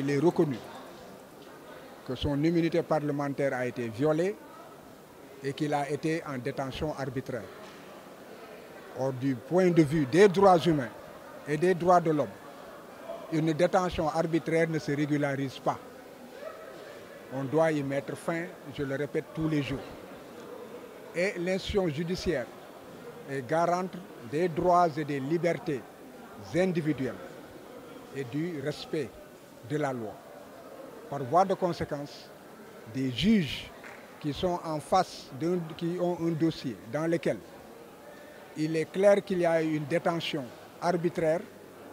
il est reconnu que son immunité parlementaire a été violée et qu'il a été en détention arbitraire. Or, du point de vue des droits humains et des droits de l'homme, une détention arbitraire ne se régularise pas. On doit y mettre fin, je le répète, tous les jours. Et l'institution judiciaire est garante des droits et des libertés individuelles et du respect de la loi. Par voie de conséquence, des juges qui sont en face, qui ont un dossier dans lequel il est clair qu'il y a une détention arbitraire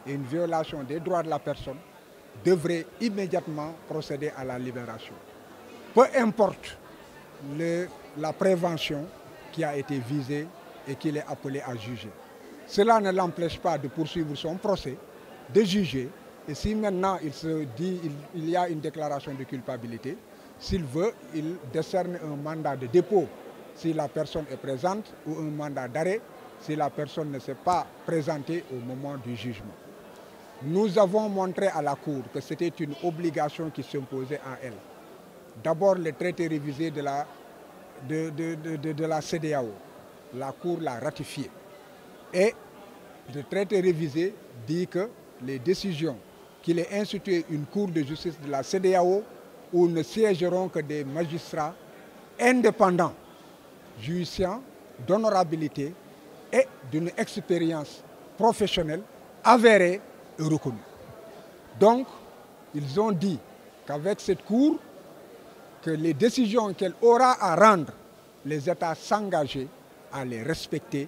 et une violation des droits de la personne, devraient immédiatement procéder à la libération. Peu importe la prévention qui a été visée et qu'il est appelé à juger. Cela ne l'empêche pas de poursuivre son procès, de juger et si maintenant il se dit qu'il y a une déclaration de culpabilité, s'il veut, il décerne un mandat de dépôt si la personne est présente ou un mandat d'arrêt si la personne ne s'est pas présentée au moment du jugement. Nous avons montré à la Cour que c'était une obligation qui s'imposait à elle. D'abord le traité révisé de la, de, de, la CDAO. La Cour l'a ratifié. Et le traité révisé dit que les décisions qu'il est institué une cour de justice de la CDAO où ne siégeront que des magistrats indépendants, juiciens d'honorabilité et d'une expérience professionnelle avérée et reconnue. Donc, ils ont dit qu'avec cette cour, que les décisions qu'elle aura à rendre, les États s'engager à les respecter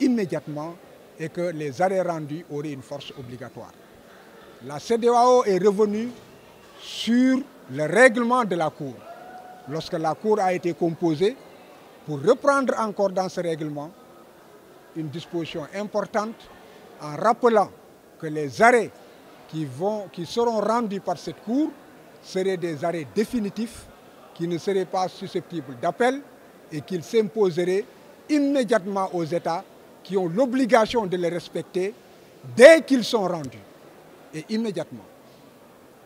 immédiatement et que les arrêts rendus auraient une force obligatoire la CDAO est revenue sur le règlement de la Cour. Lorsque la Cour a été composée, pour reprendre encore dans ce règlement une disposition importante en rappelant que les arrêts qui, qui seront rendus par cette Cour seraient des arrêts définitifs qui ne seraient pas susceptibles d'appel et qu'ils s'imposeraient immédiatement aux États qui ont l'obligation de les respecter dès qu'ils sont rendus et immédiatement.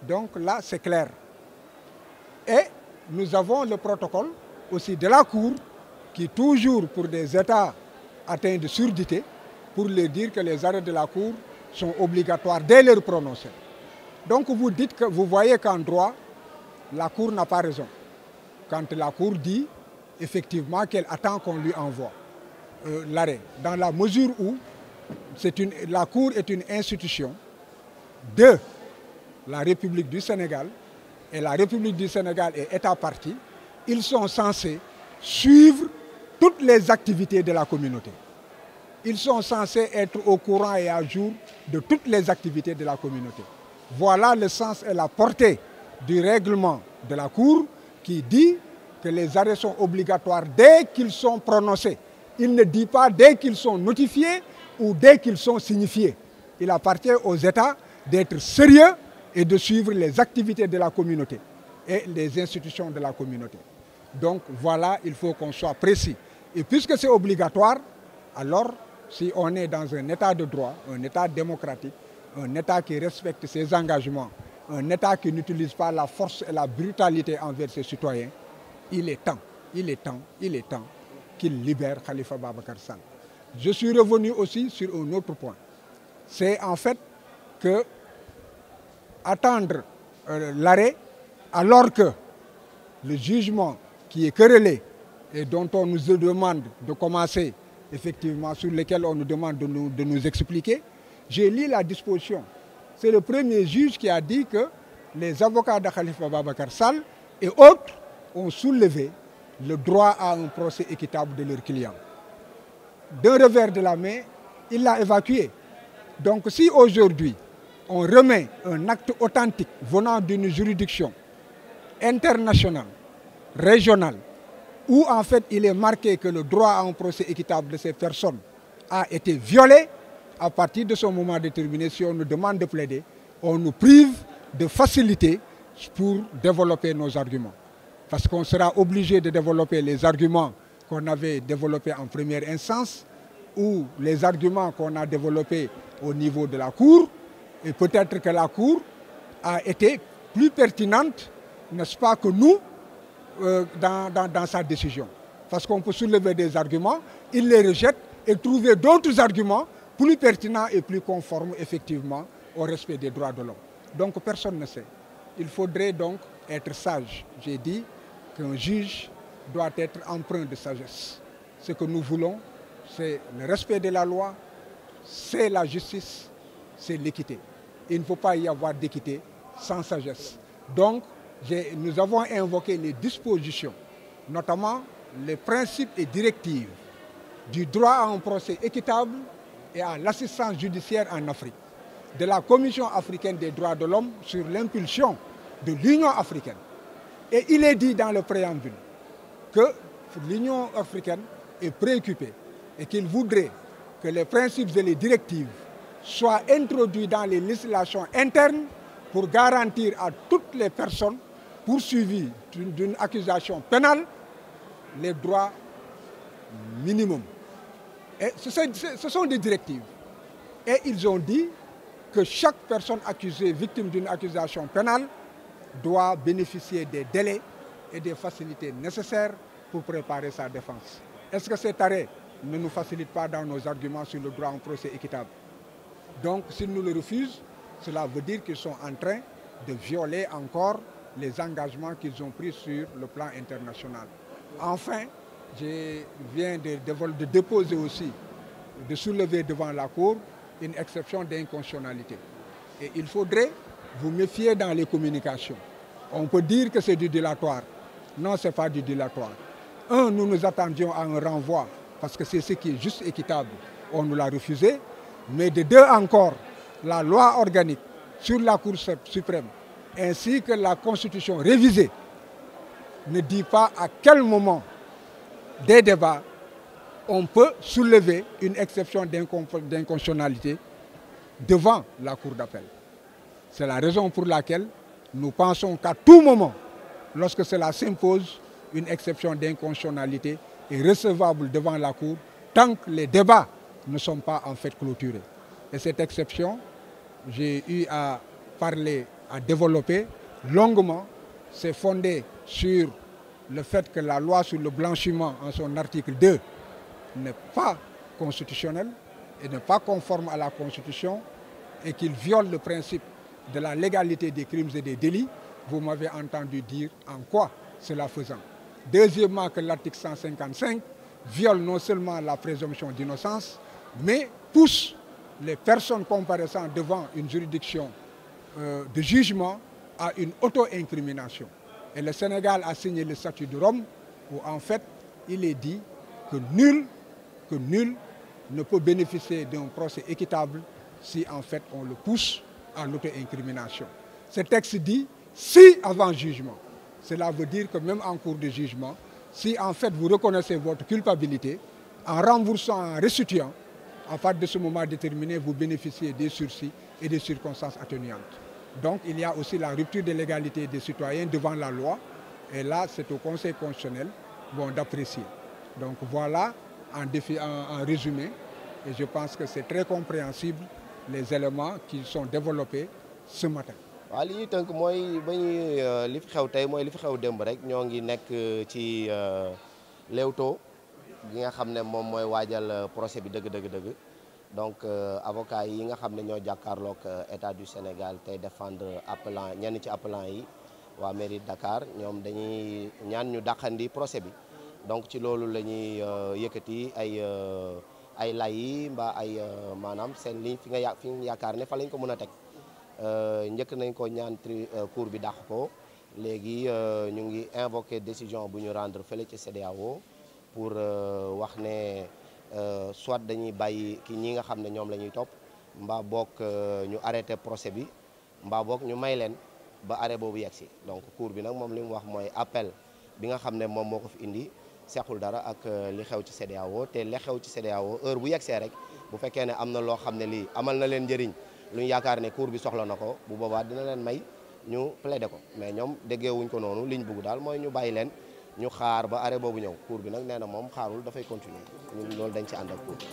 Donc là, c'est clair. Et nous avons le protocole aussi de la Cour qui toujours pour des États atteints de surdité, pour leur dire que les arrêts de la Cour sont obligatoires dès leur prononcé. Donc vous dites que vous voyez qu'en droit, la Cour n'a pas raison. Quand la Cour dit effectivement qu'elle attend qu'on lui envoie euh, l'arrêt, dans la mesure où la Cour est une institution de la République du Sénégal, et la République du Sénégal est État parti, ils sont censés suivre toutes les activités de la communauté. Ils sont censés être au courant et à jour de toutes les activités de la communauté. Voilà le sens et la portée du règlement de la Cour qui dit que les arrêts sont obligatoires dès qu'ils sont prononcés. Il ne dit pas dès qu'ils sont notifiés ou dès qu'ils sont signifiés. Il appartient aux États d'être sérieux et de suivre les activités de la communauté et les institutions de la communauté. Donc voilà, il faut qu'on soit précis. Et puisque c'est obligatoire, alors si on est dans un état de droit, un état démocratique, un état qui respecte ses engagements, un état qui n'utilise pas la force et la brutalité envers ses citoyens, il est temps, il est temps, il est temps qu'il libère Khalifa Babakar Je suis revenu aussi sur un autre point. C'est en fait que attendre euh, l'arrêt alors que le jugement qui est querellé et dont on nous demande de commencer, effectivement, sur lequel on nous demande de nous, de nous expliquer, j'ai lu la disposition. C'est le premier juge qui a dit que les avocats de Khalifa Sal et autres ont soulevé le droit à un procès équitable de leurs clients. D'un revers de la main, il l'a évacué. Donc si aujourd'hui, on remet un acte authentique venant d'une juridiction internationale, régionale, où en fait il est marqué que le droit à un procès équitable de ces personnes a été violé, à partir de ce moment déterminé, si on nous demande de plaider, on nous prive de facilité pour développer nos arguments. Parce qu'on sera obligé de développer les arguments qu'on avait développés en première instance ou les arguments qu'on a développés au niveau de la Cour et peut-être que la Cour a été plus pertinente, n'est-ce pas, que nous, euh, dans, dans, sa décision. Parce qu'on peut soulever des arguments, il les rejette et trouver d'autres arguments plus pertinents et plus conformes, effectivement, au respect des droits de l'homme. Donc personne ne sait. Il faudrait donc être sage. J'ai dit qu'un juge doit être empreint de sagesse. Ce que nous voulons, c'est le respect de la loi, c'est la justice, c'est l'équité il ne faut pas y avoir d'équité sans sagesse. Donc, nous avons invoqué les dispositions, notamment les principes et directives du droit à un procès équitable et à l'assistance judiciaire en Afrique, de la Commission africaine des droits de l'homme sur l'impulsion de l'Union africaine. Et il est dit dans le préambule que l'Union africaine est préoccupée et qu'il voudrait que les principes et les directives soit introduit dans les législations internes pour garantir à toutes les personnes poursuivies d'une accusation pénale les droits minimums. ce sont des directives. Et ils ont dit que chaque personne accusée, victime d'une accusation pénale, doit bénéficier des délais et des facilités nécessaires pour préparer sa défense. Est-ce que cet arrêt ne nous facilite pas dans nos arguments sur le droit à un procès équitable donc s'ils nous le refusent, cela veut dire qu'ils sont en train de violer encore les engagements qu'ils ont pris sur le plan international. Enfin, je viens de, déposer aussi, de soulever devant la Cour une exception d'inconstitutionnalité. Et il faudrait vous méfier dans les communications. On peut dire que c'est du dilatoire. Non, ce n'est pas du dilatoire. Un, nous nous attendions à un renvoi parce que c'est ce qui est juste et équitable. On nous l'a refusé mais de deux encore, la loi organique sur la Cour suprême ainsi que la Constitution révisée ne dit pas à quel moment des débats on peut soulever une exception d'inconstitutionnalité devant la Cour d'appel. C'est la raison pour laquelle nous pensons qu'à tout moment, lorsque cela s'impose, une exception d'inconstitutionnalité est recevable devant la Cour tant que les débats ne sont pas en fait clôturés. Et cette exception, j'ai eu à parler, à développer longuement, c'est fondé sur le fait que la loi sur le blanchiment en son article 2 n'est pas constitutionnelle et n'est pas conforme à la Constitution et qu'il viole le principe de la légalité des crimes et des délits, vous m'avez entendu dire en quoi cela faisant. Deuxièmement, que l'article 155 viole non seulement la présomption d'innocence, mais pousse les personnes comparaissant devant une juridiction euh, de jugement à une auto-incrimination. Et le Sénégal a signé le statut de Rome où en fait il est dit que nul, que nul ne peut bénéficier d'un procès équitable si en fait on le pousse à l'auto-incrimination. Ce texte dit si avant jugement. Cela veut dire que même en cours de jugement, si en fait vous reconnaissez votre culpabilité, en remboursant, en restituant, en fait, de ce moment déterminé, vous bénéficiez des sursis et des circonstances atténuantes. Donc il y a aussi la rupture de l'égalité des citoyens devant la loi. Et là, c'est au Conseil constitutionnel bon, d'apprécier. Donc voilà en, résumé. Et je pense que c'est très compréhensible les éléments qui sont développés ce matin. gi nga xam ne moom mooy waajal euh, procès bi dëgg dëgg dëgg donc euh, avocat yi nga xam ne ñoo jàkkaarloog euh, état du Sénégal tey défendre appelant ñenn ci appelant yi waa mairie Dakar ñoom dañuy ñaan ñu dàqandi procès bi donc ci loolu lañuy ñuy yëkkati ay ay lay yi mbaa ay maanaam seen liñ fi nga fi yaakaar ne fa lañ ko mën a teg njëkk nañ ko ñaan tri cour bi dàq ko léegi ñu ngi invoqué décision bu ñu rendre fële ci CEDEAO pour euh, wax ne euh, soit dañuy bàyyi ki ñi nga xam ne ñoom la ñuy topp mbaa boog euh, ñu arrêté procès bi mbaa boog ñu may leen ba arrêt boobu yegg si donc cour bi nag moom li mu wax mooy appel bi nga xam ne moom moo ko fi indi seexul dara ak li xew ci CEDEAO te li xew ci CEDEAO heure bu yegsee rek bu fekkee ne am na loo xam ne lii amal na leen njëriñ lu ñu yaakaar ne cour bi soxla na ko bu boobaa dina leen may ñu plaider ko mais ñoom déggee wuñ ko noonu liñ bugg daal mooy ñu bàyyi leen ñu xaar ba arrêt boobu ñëw kuur bi nag nee na moom xaarul dafay continuer ñun loolu dañ ci ànd ak cours